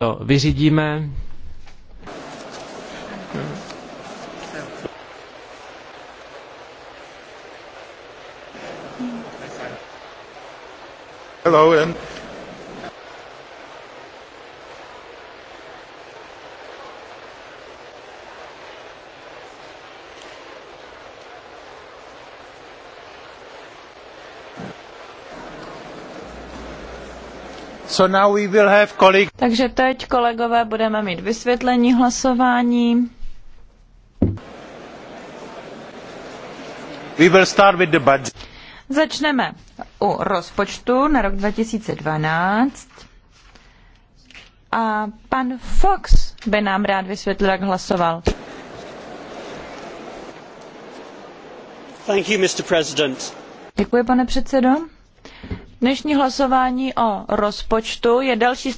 to vyřídíme. Hello, and So now we will have colleague... Takže teď, kolegové, budeme mít vysvětlení hlasování. We will start with the budget. Začneme u rozpočtu na rok 2012. A pan Fox by nám rád vysvětlil, jak hlasoval. Thank you, Mr. President. Děkuji, pane předsedo. Dnešní hlasování o rozpočtu je další